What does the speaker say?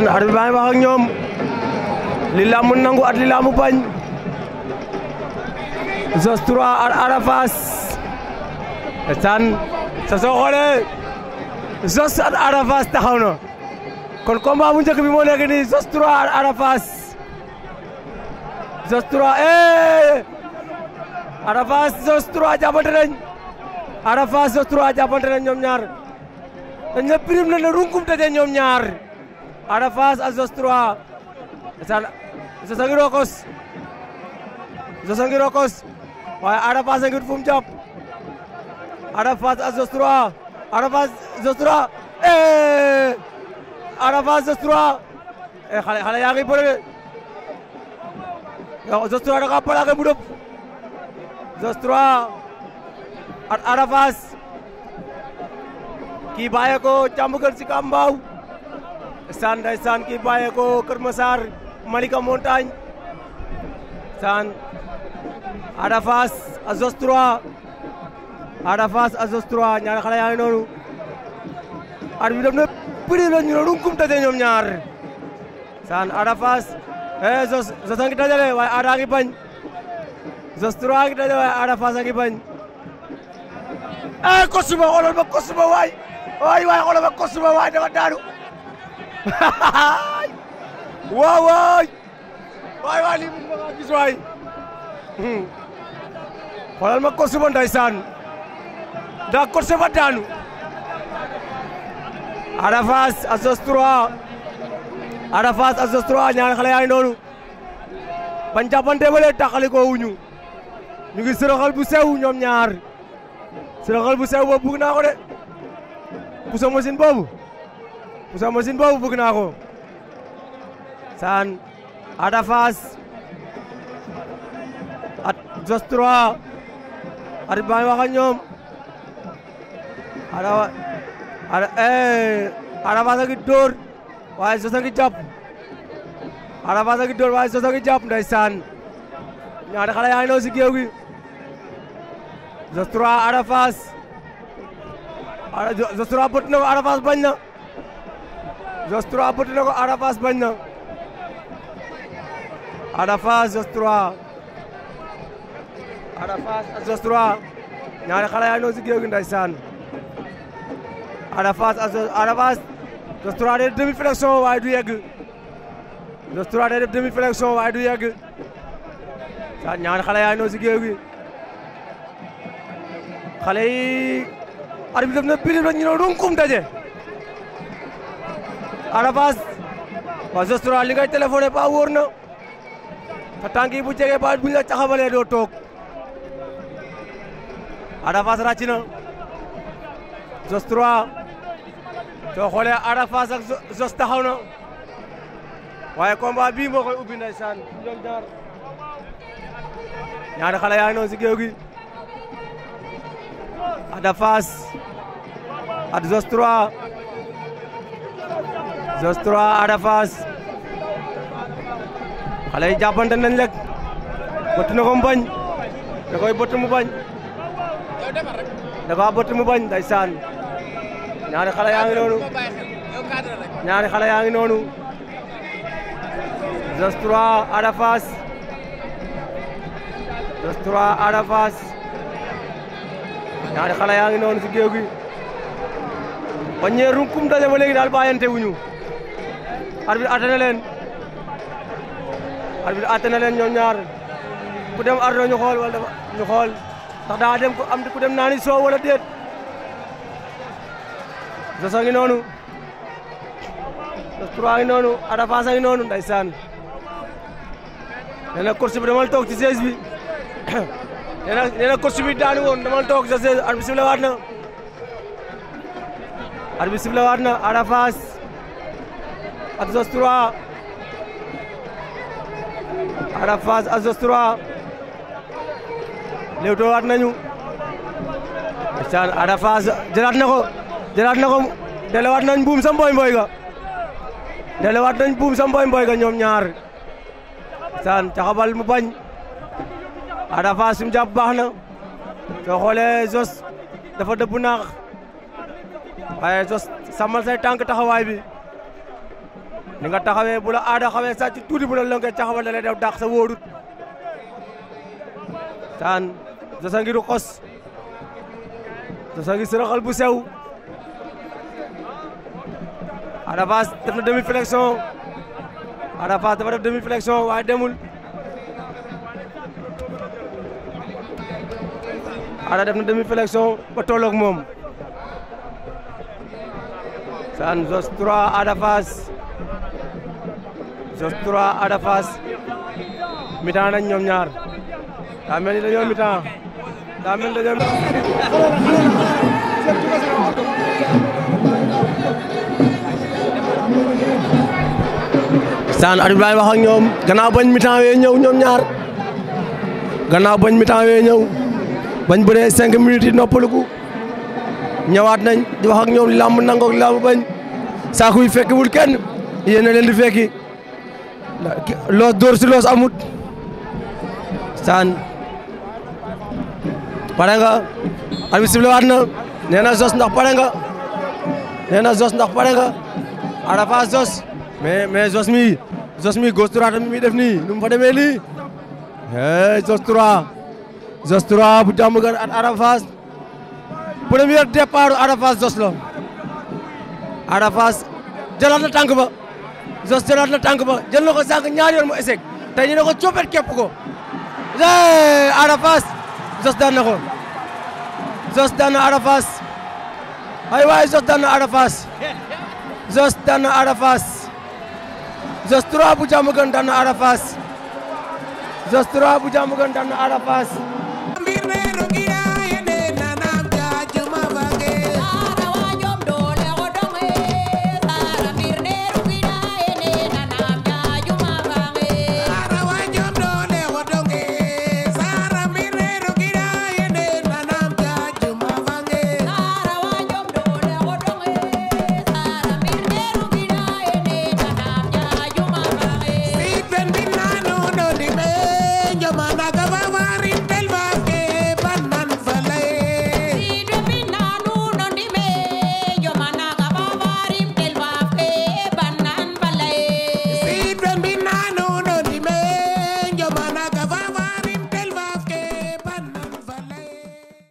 ndeysaan arbitre baa ngi wax ak ñoom li nangu at li bañ Zoss 3 ar Arafas ndeysaan sa soo ar Arafas taxaw na kon combat bu njëkk bi moo nekk nii Zoss 3 ar Arafas Zoss 3 eh Arafas Zoss 3 jàppante nañ Arafas Zoss 3 jàppante nañ ñoom ñaar dañ na prime na ne runkum daje ñoom ñaar Ara Fass ak Zoss a ngi rokos Zoss a ngi waaye Ada Fass a ngi fu mu jàpp Ada Fass ak Zoss 3 Ada Fass Zoss 3 eh Ada Fass Zoss 3 eh xale xale yaa ngi bëre de saan ndeysaan kii bàyyee ko Kër Massar Malika saan Ada Fass Azos 3 Ada Fass Azos 3 noonu ar bi def na prix la ñu ne daje ñoom ñaar saan Ada Fass eh Zos Zos a waaye Ada bañ Zos 3 a ngi waaye Ada bañ eh kosuma xoolal ba kosuma waay waay waay ba kosuma waay dafa daanu waaw waay waay waay lii mosuma kaa gis waay hmm. xoolal ma ko suba ndeysaan daa ko sefa daanu Ada Fass Assos 3 Ada Fass Assos 3 ngi noonu bañ jàppante ba lee taxali ko ñu ngi sërëxal bu sew ñoom ñaar sërëxal bu sew boobu bugg naa ko de puso boobu Poussa machine boobu bëgg naa ko saan Ada Fass at Jos 3 at ñoom ada ada eh Ada Fass a ngi waaye Jos a ngi jàpp Ada Fass a waaye Jos a ngi jàpp ndeysaan ñaari xale yaa ngi gi Jos 3 Ada Fass Jos 3 bët na bañ na Zoss 3 bëtt na ko Ada Fass bañ na ñaari xale yaa ngi doon si géew gi ndeysaan Ada Fass ak Ada Fass Zoss 3 day demi flexion waaye du yegg Zoss 3 day demi flexion waaye du yegg saa ñaari xale yaa ngi doon si géew gi xale yi na biir na ñu ne daje আদাফাস বাজোস্তুরা লিগ আই টেলিফোনে পা ওরনা ফাতান গি বু জেগে পা বুলা তাখাবলে দো টোক আদাফাস রাচিনা জস্তুরা তো খোলে আদাফাস আক জস্তাহাওনা ওয়ায়ে কমবা বি মখয় উবি নাইসান ঞাডা খালা ইয়ানো সি গেউগি আদাফাস আদাস্তুরা Zoss 3 Ada Fass xale yi jàppante nañ lekk bëtt na ko mu bañ da koy bëtt mu bañ da koy ñaari xale yaa ngi noonu ñaari xale yaa ngi noonu Zoss 3 Ada Fass Zoss ñaari xale yaa ngi noonu si géew gi bañ ñee daje ba daal bàyyante wuñu arbitre atte na leen arbitre atte na leen ñoom ku dem ardo ñu xool wala dafa ñu xool ndax daa dem ku am ku dem naani soow wala déet Zoss noonu Zoss 3 a ngi noonu Ada Fass a ngi noonu ndeysaan nee na course bi toog ci siège bi nee na nee na course daanu woon damal toog ci siège arbitre bi sifle waat na arbitre bi Abzos 3 Ada Fass Abzos 3 léewtoo waat nañu Ada Fass jëlaat na ko jëlaat na ko delewaat nañ buum sa mboy mboy ga delewaat nañ buum sa mboy mboy ga ñoom ñaar saan caxabal mu bañ Ada Fass mu jàpp baax na soo xoolee dafa dëbb naax waaye Zoss sàmmal say tànk taxawaay bi ni nga taxawee bu la aada xawee sàcc tuuti bu la lonkee caxawal da lay def wóorut saan Josa ngi du xos Josa ngi bu sew Ada Fass def na demi flexion Ada Fass def demi flexion waaye demul Ada def na demi flexion ba tolloog moom saan Jos 3 Ada Fass Zoss 3 Ada Fass mitan nañ ñoom ñaar daa mel ni dañoo saan arbitre bi ñoom gannaaw bañ mitan wee ñëw ñoom ñaar gannaaw bañ mitan wee ñëw bañ bëree cinq minutes yi noppaluku ñëwaat nañ di wax ak ñoom lamb nangoog lamb bañ saaku yi fekkiwul kenn yéen a leen di fekki loos dóor si loos amut saan pare nga arbitre waat na nee na Zoss ndax pare nga nee na Zoss ndax pare nga Arafa Zoss mais mais Zoss mi Zoss mi gauche droite mi def nii nu mu fa demee lii hey Zoss 3 Zoss 3 bu jàmm gan at Arafa premier départ Arafa Zoss la Arafa ba Zoss jëlaat na tànk ba jël na ko sànq ñaari yoon mu échec te ñu ne ko coppet képp ko Ada Fass Zoss daan na ko Zoss daan na Ada Fass ay waay Zoss daan na Ada Fass Zoss daan na Ada Fass gën daan na Ada